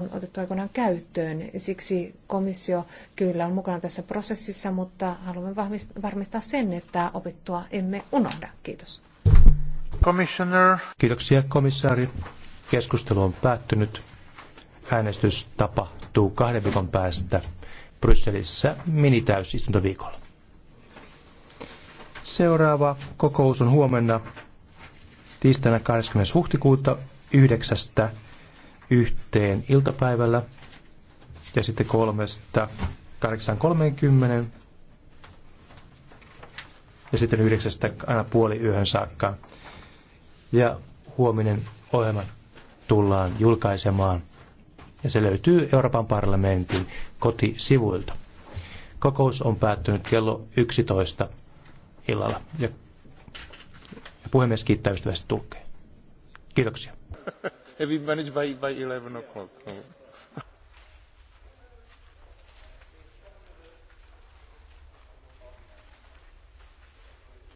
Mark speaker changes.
Speaker 1: on otettu aikoinaan käyttöön. Siksi komissio kyllä on mukana tässä prosessissa, mutta haluamme varmistaa sen, että opittua emme unohda. Kiitos.
Speaker 2: Commissioner. Kiitoksia komissaari. Keskustelu on päättynyt. Äänestys tapahtuu kahden viikon päästä Brysselissä minitäysistuntoviikolla. Seuraava kokous on huomenna tiistaina 20. huhtikuuta 9 yhteen iltapäivällä ja sitten kolmesta 8.30 ja sitten yhdeksästä aina puoli yöhön saakka. Ja huominen ohjelma tullaan julkaisemaan ja se löytyy Euroopan parlamentin kotisivuilta. Kokous on päättynyt kello 11 illalla ja puhemies kiittää ystävästi tukea. Kiitoksia.